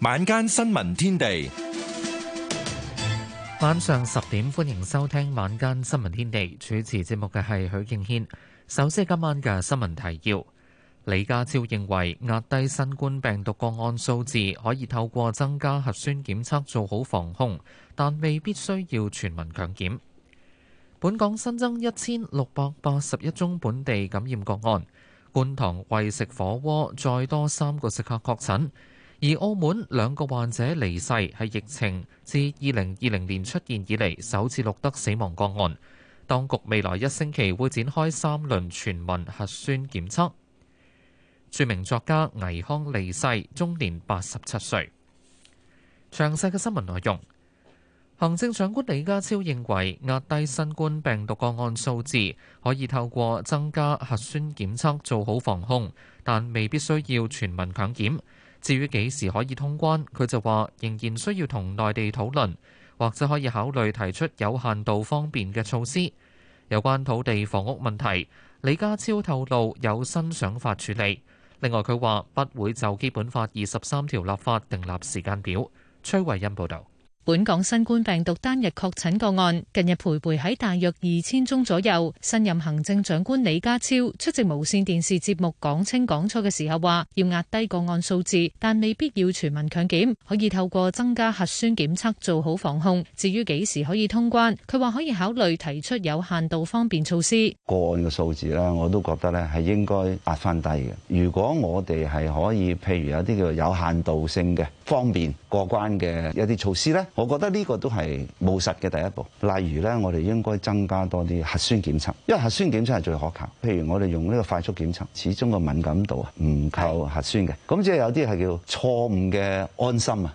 晚間新聞天地，晚上十點歡迎收聽晚間新聞天地。主持節目嘅係許敬軒。首先，今晚嘅新聞提要：李家超認為壓低新冠病毒個案數字可以透過增加核酸檢測做好防控，但未必需要全民強檢。本港新增一千六百八十一宗本地感染個案，觀塘為食火鍋再多三個食客確診。而澳門兩個患者離世，係疫情自二零二零年出現以嚟首次錄得死亡個案。當局未來一星期會展開三輪全民核酸檢測。著名作家倪匡離世，終年八十七歲。詳細嘅新聞內容，行政長官李家超認為壓低新冠病毒個案數字可以透過增加核酸檢測做好防控，但未必需要全民強檢。至於幾時可以通關，佢就話仍然需要同內地討論，或者可以考慮提出有限度方便嘅措施。有關土地房屋問題，李家超透露有新想法處理。另外，佢話不會就基本法二十三條立法訂立時間表。崔慧恩報道。本港新冠病毒單日確診個案近日徘徊喺大約二千宗左右。新任行政長官李家超出席無線電視節目，講清講錯嘅時候話要壓低個案數字，但未必要全民強檢，可以透過增加核酸檢測做好防控。至於幾時可以通關，佢話可以考慮提出有限度方便措施。個案嘅數字咧，我都覺得咧係應該壓翻低嘅。如果我哋係可以，譬如有啲叫有限度性嘅方便過關嘅一啲措施咧。我覺得呢個都係務實嘅第一步，例如呢，我哋應該增加多啲核酸檢測，因為核酸檢測係最可靠。譬如我哋用呢個快速檢測，始終個敏感度啊唔夠核酸嘅，咁即係有啲係叫錯誤嘅安心啊。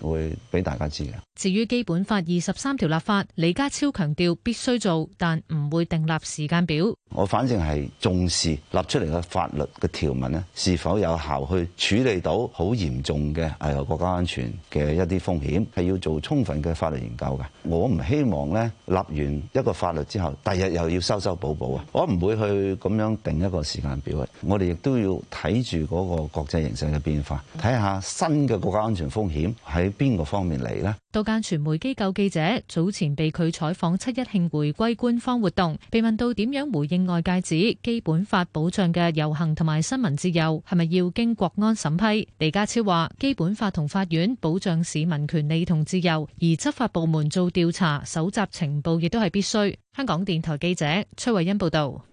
會俾大家知嘅。至於基本法二十三條立法，李家超強調必須做，但唔會訂立時間表。我反正係重視立出嚟嘅法律嘅條文咧，是否有效去處理到好嚴重嘅危害國家安全嘅一啲風險係要做充分嘅法律研究嘅。我唔希望咧立完一個法律之後第日又要修修補補啊！我唔會去咁樣定一個時間表嘅。我哋亦都要睇住嗰個國際形勢嘅變化，睇下新嘅國家安全風險喺邊個方面嚟咧。多間傳媒機構記者早前被佢採訪七一慶回歸官方活動被問到點樣回應。外界指基本法保障嘅遊行同埋新聞自由係咪要經國安審批？李家超話：基本法同法院保障市民權利同自由，而執法部門做調查、蒐集情報亦都係必須。香港電台記者崔慧欣報道。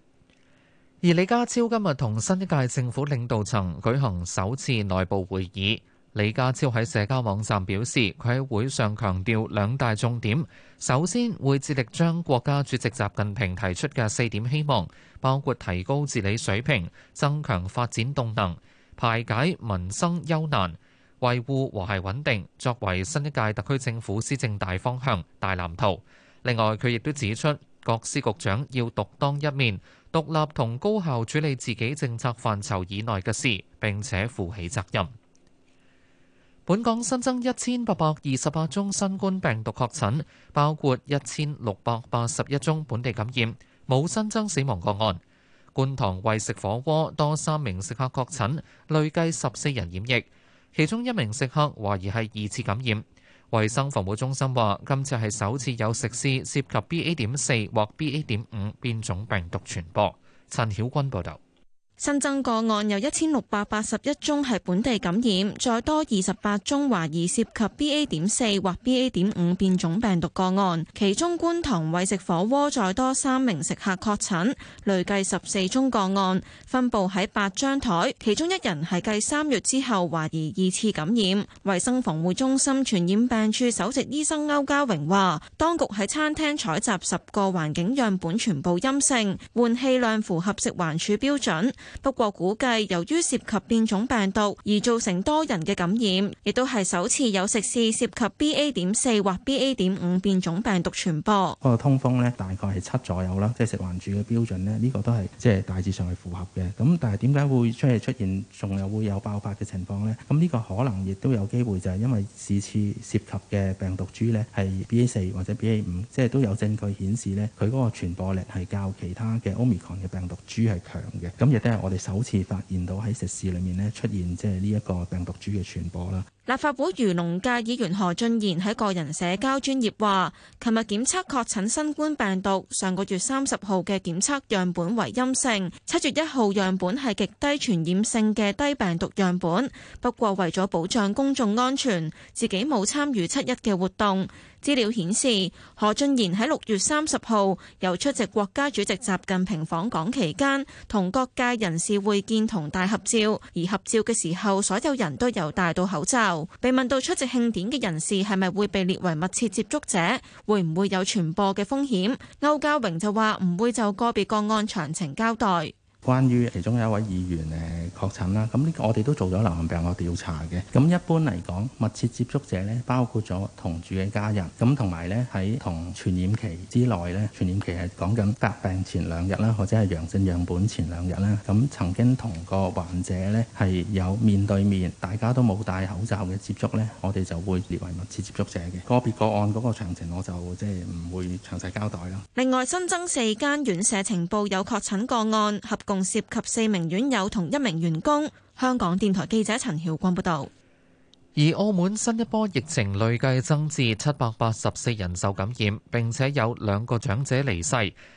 而李家超今日同新一屆政府領導層舉行首次內部會議。李家超喺社交網站表示，佢喺會上強調兩大重點，首先會致力將國家主席習近平提出嘅四點希望，包括提高治理水平、增強發展動能、排解民生憂難、維護和諧穩定，作為新一屆特區政府施政大方向、大藍圖。另外，佢亦都指出，各司局長要獨當一面、獨立同高效處理自己政策範疇以內嘅事，並且負起責任。本港新增一千八百二十八宗新冠病毒確診，包括一千六百八十一宗本地感染，冇新增死亡個案。觀塘為食火鍋多三名食客確診，累計十四人染疫，其中一名食客懷疑係二次感染。衛生防護中心話，今次係首次有食肆涉及 BA 點四或 BA 點五變種病毒傳播。陳曉君報道。新增個案有一千六百八十一宗係本地感染，再多二十八宗懷疑涉及 B A. 點四或 B A. 點五變種病毒個案，其中觀塘為食火鍋再多三名食客確診，累計十四宗個案分布喺八張台，其中一人係繼三月之後懷疑二次感染。衛生防護中心傳染病處首席醫生歐家榮話，當局喺餐廳採集十個環境樣本，全部陰性，換氣量符合食環署標準。不過估計，由於涉及變種病毒而造成多人嘅感染，亦都係首次有食肆涉及 BA.4 或 BA.5 變種病毒傳播。嗰個通風呢，大概係七左右啦，即係食環署嘅標準呢，呢個都係即係大致上係符合嘅。咁但係點解會即係出現仲有會有爆發嘅情況呢？咁呢個可能亦都有機會就係因為次次涉及嘅病毒株呢係 BA4 或者 BA5，即係都有證據顯示呢，佢嗰個傳播力係較其他嘅 Omicron 嘅病毒株係強嘅。咁亦都係。我哋首次發現到喺食肆裏面咧出現，即係呢一個病毒株嘅傳播啦。立法會漁農界議員何俊賢喺個人社交專頁話，琴日檢測確診新冠病毒，上個月三十號嘅檢測樣本為陰性，七月一號樣本係極低傳染性嘅低病毒樣本。不過為咗保障公眾安全，自己冇參與七一嘅活動。資料顯示，何俊賢喺六月三十號由出席國家主席習近平訪港期間，同各界人士會見同大合照，而合照嘅時候所有人都有戴到口罩。被問到出席慶典嘅人士係咪會被列為密切接觸者，會唔會有傳播嘅風險？歐家榮就話唔會就個別個案詳情交代。關於其中有一位議員誒確診啦，咁呢個我哋都做咗流行病學調查嘅。咁一般嚟講，密切接觸者咧，包括咗同住嘅家人，咁同埋咧喺同傳染期之內咧，傳染期係講緊發病前兩日啦，或者係陽性樣本前兩日啦，咁曾經同個患者咧係有面對面，大家都冇戴口罩嘅接觸咧，我哋就會列為密切接觸者嘅。個別個案嗰個詳情，我就即係唔會詳細交代啦。另外新增四間院舍情報有確診個案，合共。涉及四名院友同一名員工。香港電台記者陳曉光報道。而澳門新一波疫情累計增至七百八十四人受感染，並且有兩個長者離世，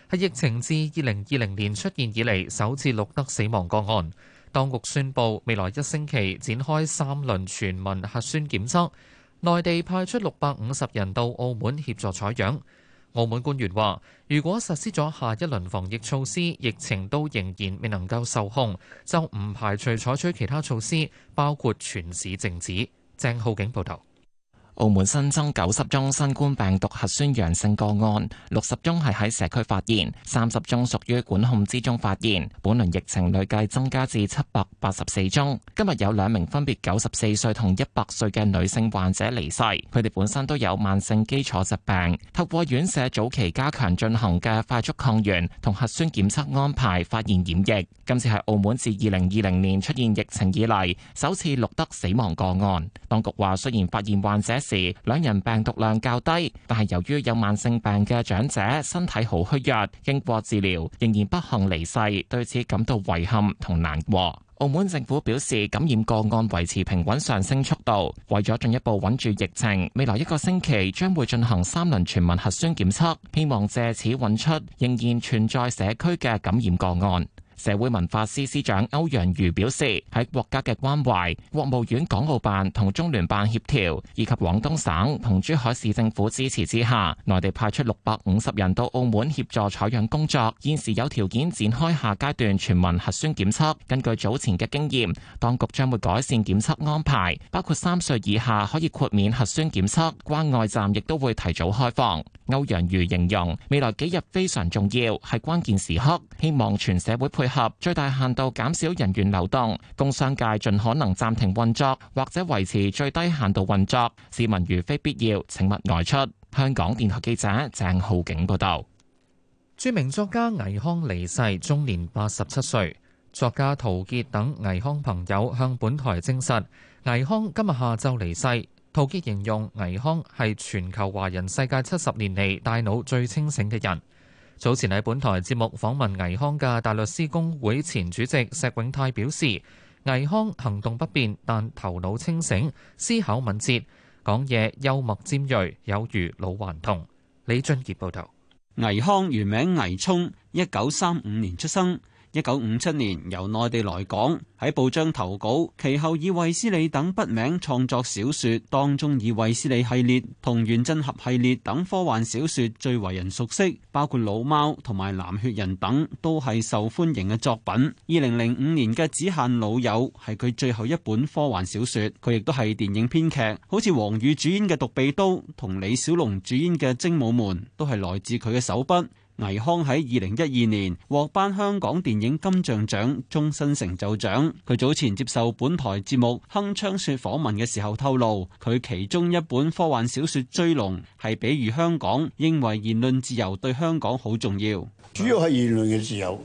係疫情自二零二零年出現以嚟首次錄得死亡個案。當局宣布未來一星期展開三輪全民核酸檢測，內地派出六百五十人到澳門協助採樣。澳門官員話，如果實施咗下一輪防疫措施，疫情都仍然未能夠受控，就唔排除採取其他措施，包括全市靜止。鄭浩景報道。澳門新增九十宗新冠病毒核酸陽性個案，六十宗係喺社區發現，三十宗屬於管控之中發現。本輪疫情累計增加至七百八十四宗。今日有兩名分別九十四歲同一百歲嘅女性患者離世，佢哋本身都有慢性基礎疾病。透過院舍早期加強進行嘅快速抗原同核酸檢測安排，發現染疫。今次係澳門自二零二零年出現疫情以嚟，首次錄得死亡個案。當局話雖然發現患者，時，兩人病毒量較低，但係由於有慢性病嘅長者身體好虛弱，經過治療仍然不幸離世，對此感到遺憾同難過。澳門政府表示，感染個案維持平穩上升速度，為咗進一步穩住疫情，未來一個星期將會進行三輪全民核酸檢測，希望借此揾出仍然存在社區嘅感染個案。社會文化司司長歐陽瑜表示，喺國家嘅關懷、國務院港澳辦同中聯辦協調，以及廣東省同珠海市政府支持之下，內地派出六百五十人到澳門協助採樣工作，現時有條件展開下階段全民核酸檢測。根據早前嘅經驗，當局將會改善檢測安排，包括三歲以下可以豁免核酸檢測，關外站亦都會提早開放。歐陽瑜形容未來幾日非常重要，係關鍵時刻，希望全社會配合，最大限度減少人員流動，工商界盡可能暫停運作或者維持最低限度運作，市民如非必要，請勿外出。香港電台記者鄭浩景報道。著名作家倪匡離世，終年八十七歲。作家陶傑等倪匡朋友向本台證實，倪匡今日下晝離世。陶傑形容倪匡係全球華人世界七十年嚟大腦最清醒嘅人。早前喺本台節目訪問倪匡嘅大律師公會前主席石永泰表示，倪匡行動不便，但頭腦清醒，思考敏捷，講嘢幽默尖銳，有如老頑童。李俊杰報道。倪匡原名倪聰，一九三五年出生。一九五七年由內地來港喺報章投稿，其後以衛斯理等筆名創作小説，當中以衛斯理系列同原振俠系列等科幻小説最為人熟悉，包括老貓同埋藍血人等都係受歡迎嘅作品。二零零五年嘅《只限老友》係佢最後一本科幻小説，佢亦都係電影編劇，好似王羽主演嘅《獨臂刀》同李小龍主演嘅《精武門》都係來自佢嘅手筆。倪匡喺二零一二年獲頒香港電影金像獎終身成就獎。佢早前接受本台節目鏗鏘說訪問嘅時候透露，佢其中一本科幻小說《追龍》係比喻香港，認為言論自由對香港好重要。主要係言論嘅自由，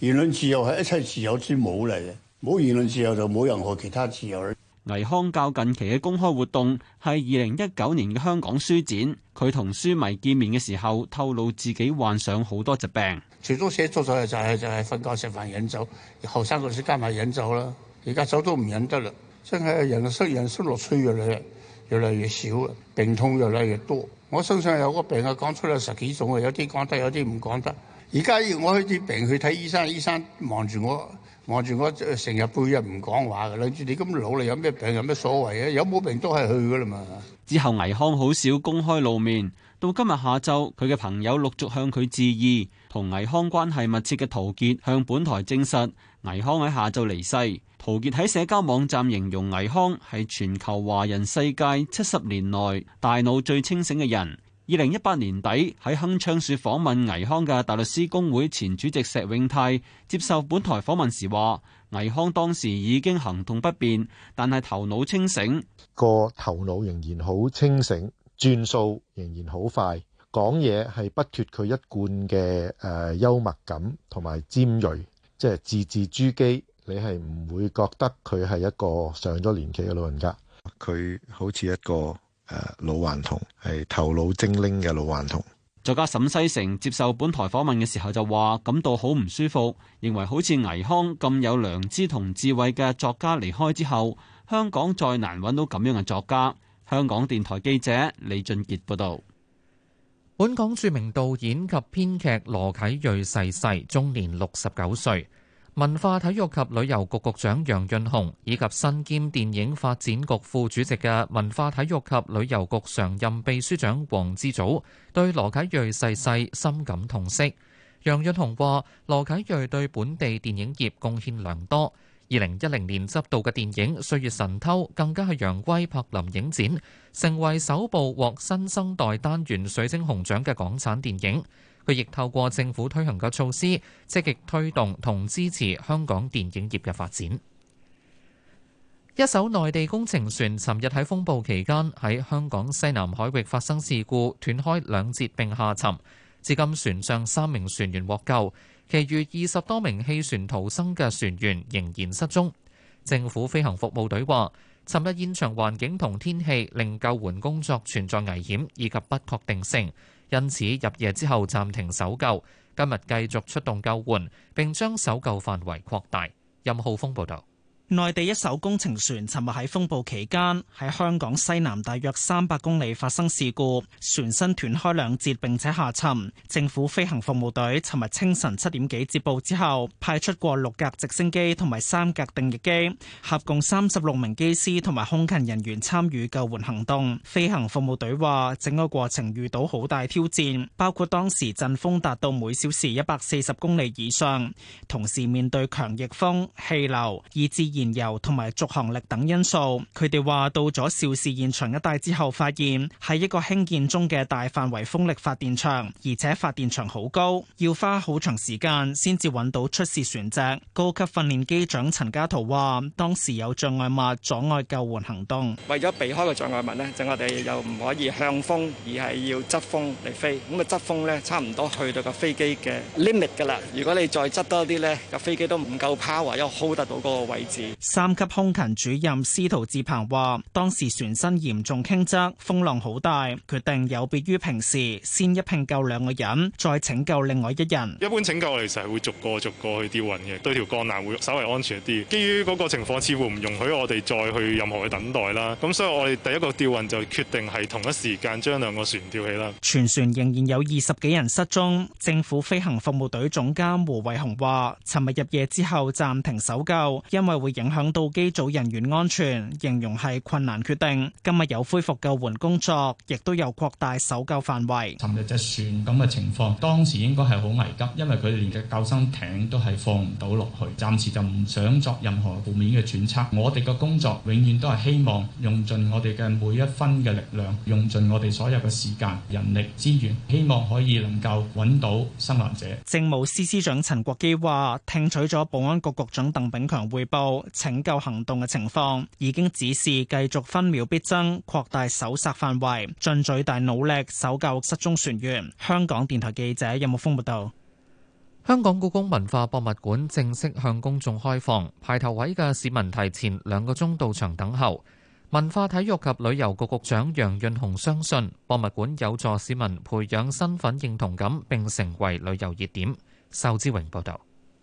言論自由係一切自由之母嚟嘅，冇言論自由就冇任何其他自由。倪匡教近期嘅公開活動係二零一九年嘅香港書展，佢同書迷見面嘅時候透露自己患上好多疾病，除咗寫作就係就係瞓覺、食飯、飲酒，後生嗰時加埋飲酒啦，而家酒都唔飲得啦，真係人生，人生樂趣越嚟越嚟越少啊，病痛越嚟越多。我身上有個病啊，講出嚟十幾種啊，有啲講得，有啲唔講得。而家要我去啲病去睇醫生，醫生望住我。望住我成日背日唔講話噶啦。住你咁老啦，有咩病有咩所謂啊？有冇病都係去噶啦嘛。之後，倪匡好少公開露面。到今日下晝，佢嘅朋友陸續向佢致意。同倪匡關係密切嘅陶傑向本台證實，倪匡喺下晝離世。陶傑喺社交網站形容倪匡係全球華人世界七十年內大腦最清醒嘅人。二零一八年底喺鏗鏘說訪問倪匡嘅大律師工會前主席石永泰接受本台訪問時話，倪匡當時已經行動不便，但係頭腦清醒。個頭腦仍然好清醒，轉數仍然好快，講嘢係不脱佢一貫嘅誒幽默感同埋尖銳，即係字字珠璣，你係唔會覺得佢係一個上咗年紀嘅老人家。佢好似一個。誒，老頑童，係頭腦精靈嘅老頑童。童作家沈西城接受本台訪問嘅時候就話，感到好唔舒服，認為好似倪匡咁有良知同智慧嘅作家離開之後，香港再難揾到咁樣嘅作家。香港電台記者李俊杰報道。本港著名導演及編劇羅啟銳逝世，終年六十九歲。文化體育及旅遊局局長楊潤雄以及身兼電影發展局副主席嘅文化體育及旅遊局常任秘書長黃智祖對羅啟銳逝世，世深感痛惜。楊潤雄話：羅啟銳對本地電影業貢獻良多。二零一零年執導嘅電影《歲月神偷》更加係揚威柏林影展，成為首部獲新生代單元水晶熊獎嘅港產電影。佢亦透過政府推行嘅措施，積極推動同支持香港電影業嘅發展。一艘內地工程船尋日喺風暴期間喺香港西南海域發生事故，斷開兩節並下沉。至今，船上三名船員獲救，其餘二十多名棄船逃生嘅船員仍然失蹤。政府飛行服務隊話，尋日現場環境同天氣令救援工作存在危險以及不確定性。因此，入夜之後暫停搜救，今日繼續出動救援，並將搜救範圍擴大。任浩峰報導。內地一艘工程船尋日喺風暴期間喺香港西南大約三百公里發生事故，船身斷開兩截，並且下沉。政府飛行服務隊尋日清晨七點幾接報之後，派出過六架直升機同埋三架定翼機，合共三十六名機師同埋空勤人員參與救援行動。飛行服務隊話，整個過程遇到好大挑戰，包括當時陣風達到每小時一百四十公里以上，同時面對強逆風、氣流，以致。燃油同埋續航力等因素，佢哋話到咗肇事現場一帶之後，發現係一個興建中嘅大範圍風力發電場，而且發電場好高，要花好長時間先至揾到出事船隻。高級訓練機長陳家濤話，當時有障礙物阻礙救援行動，為咗避開個障礙物呢，就我哋又唔可以向風，而係要側風嚟飛。咁嘅側風呢，差唔多去到個飛機嘅 limit 噶啦。如果你再側多啲呢，個飛機都唔夠 power，因為 hold 得到嗰個位置。三級空勤主任司徒志鵬話：當時船身嚴重傾側，風浪好大，決定有別於平時，先一併救兩個人，再拯救另外一人。一般拯救其實係會逐個逐個去吊運嘅，對條鋼纜，會稍微安全一啲。基於嗰個情況，似乎唔容許我哋再去任何嘅等待啦。咁所以我哋第一個吊運就決定係同一時間將兩個船吊起啦。全船仍然有二十幾人失蹤。政府飛行服務隊總監胡衛雄話：尋日入夜之後暫停搜救，因為會。影響到機組人員安全，形容係困難決定。今日有恢復救援工作，亦都有擴大搜救範圍。尋日隻船咁嘅情況，當時應該係好危急，因為佢連隻救生艇都係放唔到落去。暫時就唔想作任何負面嘅揣測。我哋嘅工作永遠都係希望用盡我哋嘅每一分嘅力量，用盡我哋所有嘅時間、人力資源，希望可以能夠揾到生還者。政務司司長陳國基話，聽取咗保安局局長鄧炳強彙報。拯救行動嘅情況，已經指示繼續分秒必爭，擴大搜索範圍，盡最大努力搜救失蹤船員。香港電台記者任木峰報道。香港故宮文化博物館正式向公眾開放，排頭位嘅市民提前兩個鐘到場等候。文化體育及旅游局局長楊潤雄相信，博物館有助市民培養身份認同感，並成為旅遊熱點。仇志榮報道。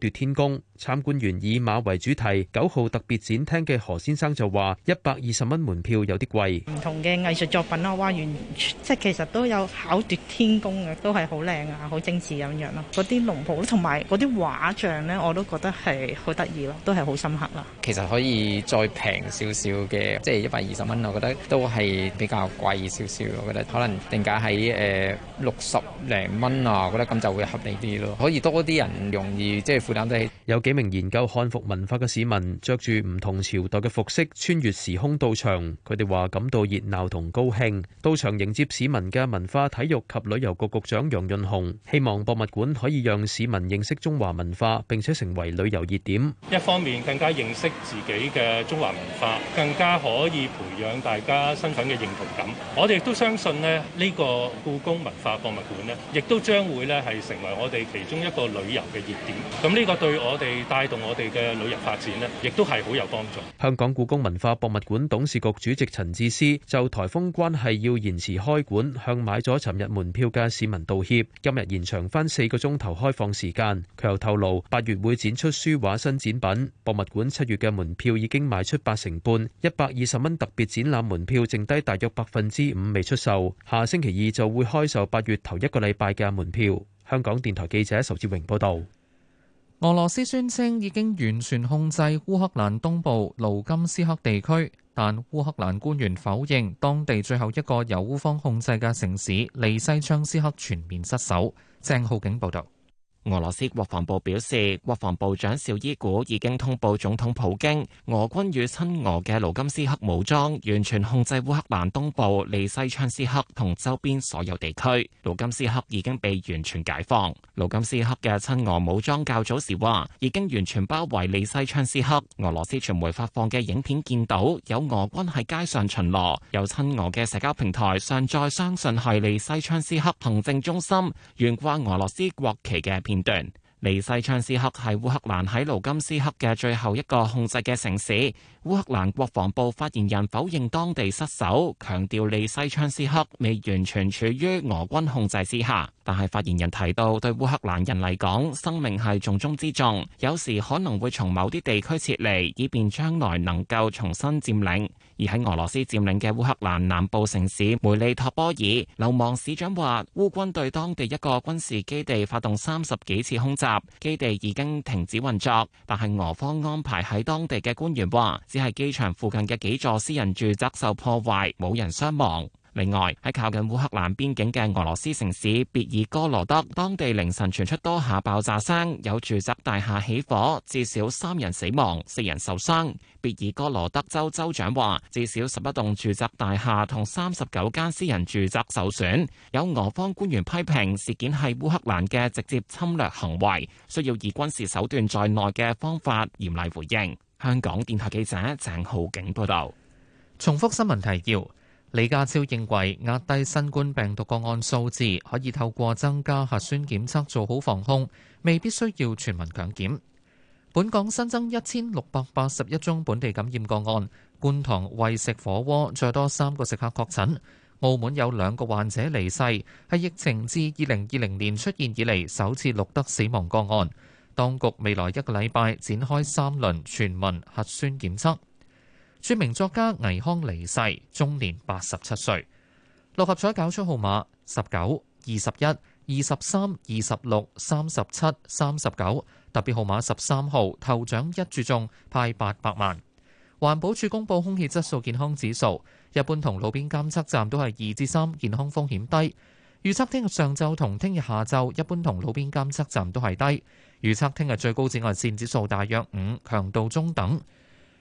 奪天工，參觀完以馬為主題九號特別展廳嘅何先生就話：一百二十蚊門票有啲貴。唔同嘅藝術作品咯，畫完即係其實都有巧奪天工嘅，都係好靚啊，好精緻咁樣咯。嗰啲龍袍同埋嗰啲畫像呢，我都覺得係好得意咯，都係好深刻啦。其實可以再平少少嘅，即係一百二十蚊，我覺得都係比較貴少少。我覺得可能定價喺誒六十零蚊啊，我覺得咁就會合理啲咯，可以多啲人容易即係。就是有幾名研究漢服文化嘅市民，著住唔同朝代嘅服飾，穿越時空到場。佢哋話感到熱鬧同高興。到場迎接市民嘅文化、體育及旅遊局局長楊潤雄，希望博物館可以讓市民認識中華文化，並且成為旅遊熱點。一方面更加認識自己嘅中華文化，更加可以培養大家身份嘅認同感。我哋亦都相信呢，呢個故宮文化博物館呢，亦都將會呢係成為我哋其中一個旅遊嘅熱點。咁。呢個對我哋帶動我哋嘅旅遊發展呢亦都係好有幫助。香港故宮文化博物館董事局主席陳智思就台風關係要延遲開館向買咗尋日門票嘅市民道歉。今日延長翻四個鐘頭開放時間，佢又透露，八月會展出書畫新展品。博物館七月嘅門票已經賣出八成半，一百二十蚊特別展覽門票，剩低大約百分之五未出售。下星期二就會開售八月頭一個禮拜嘅門票。香港電台記者仇志榮報道。俄羅斯宣稱已經完全控制烏克蘭東部盧甘斯克地區，但烏克蘭官員否認當地最後一個由烏方控制嘅城市利西昌斯克全面失守。鄭浩景報導。俄羅斯國防部表示，國防部長邵伊古已經通報總統普京，俄軍與親俄嘅盧甘斯克武裝完全控制烏克蘭東部利西昌斯克同周邊所有地區。盧甘斯克已經被完全解放。盧甘斯克嘅親俄武裝較早時話已經完全包圍利西昌斯克。俄羅斯傳媒發放嘅影片見到有俄軍喺街上巡邏，有親俄嘅社交平台上載相信係利西昌斯克行政中心懸掛俄羅斯國旗嘅。現段，尼世昌斯克係烏克蘭喺盧金斯克嘅最後一個控制嘅城市。烏克蘭國防部發言人否認當地失守，強調利西昌斯克未完全處於俄軍控制之下。但係，發言人提到，對烏克蘭人嚟講，生命係重中之重，有時可能會從某啲地區撤離，以便將來能夠重新佔領。而喺俄羅斯佔領嘅烏克蘭南部城市梅利托波爾，流亡市長話，烏軍對當地一個軍事基地發動三十幾次空襲，基地已經停止運作。但係，俄方安排喺當地嘅官員話。只係機場附近嘅幾座私人住宅受破壞，冇人傷亡。另外，喺靠近烏克蘭邊境嘅俄羅斯城市別爾哥羅德，當地凌晨傳出多下爆炸聲，有住宅大廈起火，至少三人死亡，四人受傷。別爾哥羅德州州長話，至少十一棟住宅大廈同三十九間私人住宅受損。有俄方官員批評事件係烏克蘭嘅直接侵略行為，需要以軍事手段在內嘅方法嚴厲回應。香港電台記者鄭浩景報道：重複新聞提要，李家超認為壓低新冠病毒個案數字，可以透過增加核酸檢測做好防控，未必需要全民強檢。本港新增一千六百八十一宗本地感染個案，觀塘為食火鍋再多三個食客確診。澳門有兩個患者離世，係疫情自二零二零年出現以嚟首次錄得死亡個案。當局未來一個禮拜展開三輪全民核酸檢測。著名作家倪匡離世，終年八十七歲。六合彩攪出號碼十九、二十一、二十三、二十六、三十七、三十九，特別號碼十三號頭獎一注中，派八百萬。環保署公布空氣質素健康指數，一般同路邊監測站都係二至三，3, 健康風險低。預測聽日上晝同聽日下晝，一般同路邊監測站都係低。預測聽日最高紫外線指數大約五，強度中等。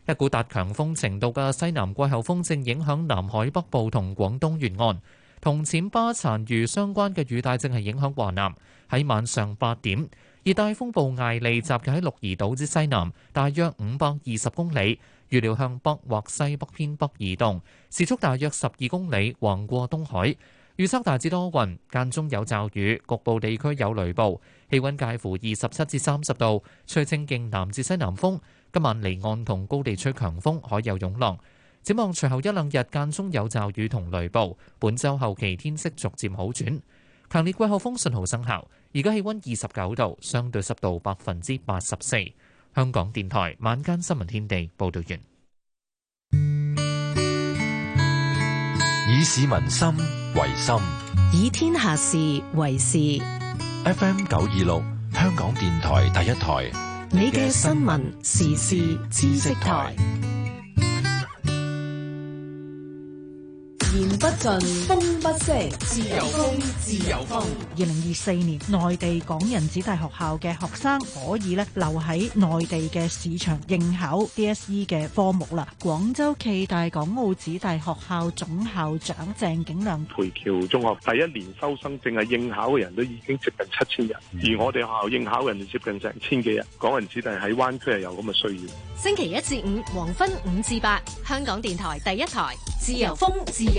一股達強風程度嘅西南季候風正影響南海北部同廣東沿岸，同淺巴殘餘相關嘅雨帶正係影響華南。喺晚上八點，熱帶風暴艾利集結喺鹿兒島之西南，大約五百二十公里，預料向北或西北偏北移動，時速大約十二公里，橫過東海。預測大致多雲，間中有驟雨，局部地區有雷暴。氣溫介乎二十七至三十度，吹清勁南至西南風。今晚離岸同高地吹強風，海有湧浪。展望隨後一兩日間中有驟雨同雷暴。本週後期天色逐漸好轉，強烈季候風信號生效。而家氣溫二十九度，相對濕度百分之八十四。香港電台晚間新聞天地報道完。以市民心。為心以天下事為事。FM 九二六，香港電台第一台。你嘅新聞、時事、知識台。言不盡，風不息，自由風，自由風。二零二四年，內地港人子弟學校嘅學生可以咧留喺內地嘅市場應考 DSE 嘅科目啦。廣州暨大港澳子弟學校總校長鄭景亮，培僑中學第一年收生正係應考嘅人都已經接近七千人，而我哋學校應考嘅人接近成千幾人，港人子弟喺灣區係有咁嘅需要。星期一至五，黃昏五至八，香港電台第一台，自由風，自由。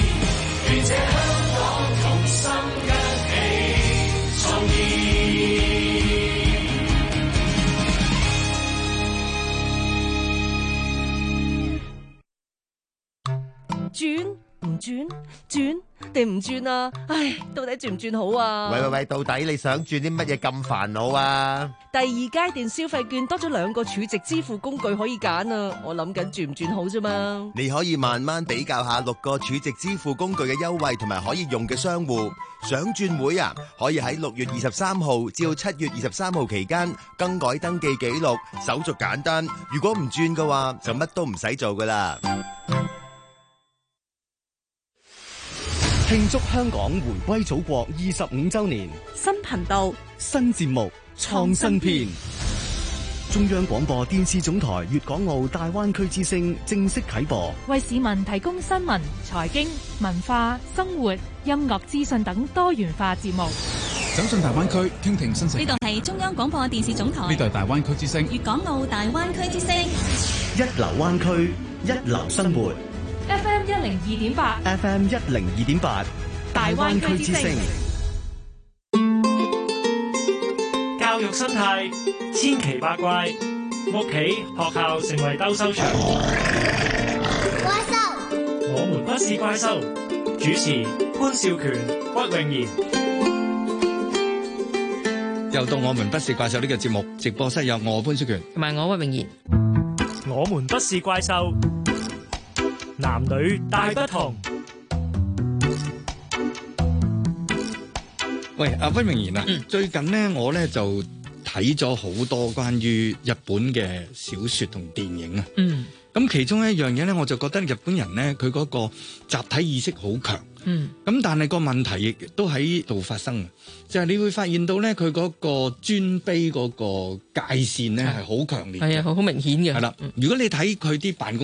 你唔轉啊！唉，到底轉唔轉好啊？喂喂喂，到底你想轉啲乜嘢咁煩惱啊？第二階段消費券多咗兩個儲值支付工具可以揀啊！我諗緊轉唔轉好啫嘛？你可以慢慢比較下六個儲值支付工具嘅優惠同埋可以用嘅商戶。想轉會啊？可以喺六月二十三號至到七月二十三號期間更改登記記錄，手續簡單。如果唔轉嘅話，就乜都唔使做㗎喇。慶祝香港回歸祖國二十五周年，新頻道、新節目、創新篇，中央廣播電視總台粵港澳大灣區之聲正式啟播，為市民提供新聞、財經、文化、生活、音樂資訊等多元化節目。走進大灣區，傾聽新聲。呢度係中央廣播電視總台，呢度係大灣區之聲，粵港澳大灣區之聲，一流灣區，一流生活。一零二點八，FM 一零二點八，大灣區之聲。教育生態千奇百怪，屋企、學校成為鬥獸場。怪獸獸，我們不是怪獸。主持潘少權、屈穎妍。又到我們不是怪獸呢個節目，直播室有我潘少權同埋我屈穎妍。我們不是怪獸。男女大不同。喂，阿輝明賢啊，最近咧我咧就睇咗好多關於日本嘅小說同電影啊。嗯。咁其中一樣嘢咧，我就覺得日本人咧，佢嗰個集體意識好強。嗯。咁但係個問題亦都喺度發生，就係你會發現到咧，佢嗰個尊卑嗰個界線咧係好強烈，係啊，好好明顯嘅。係啦，如果你睇佢啲辦。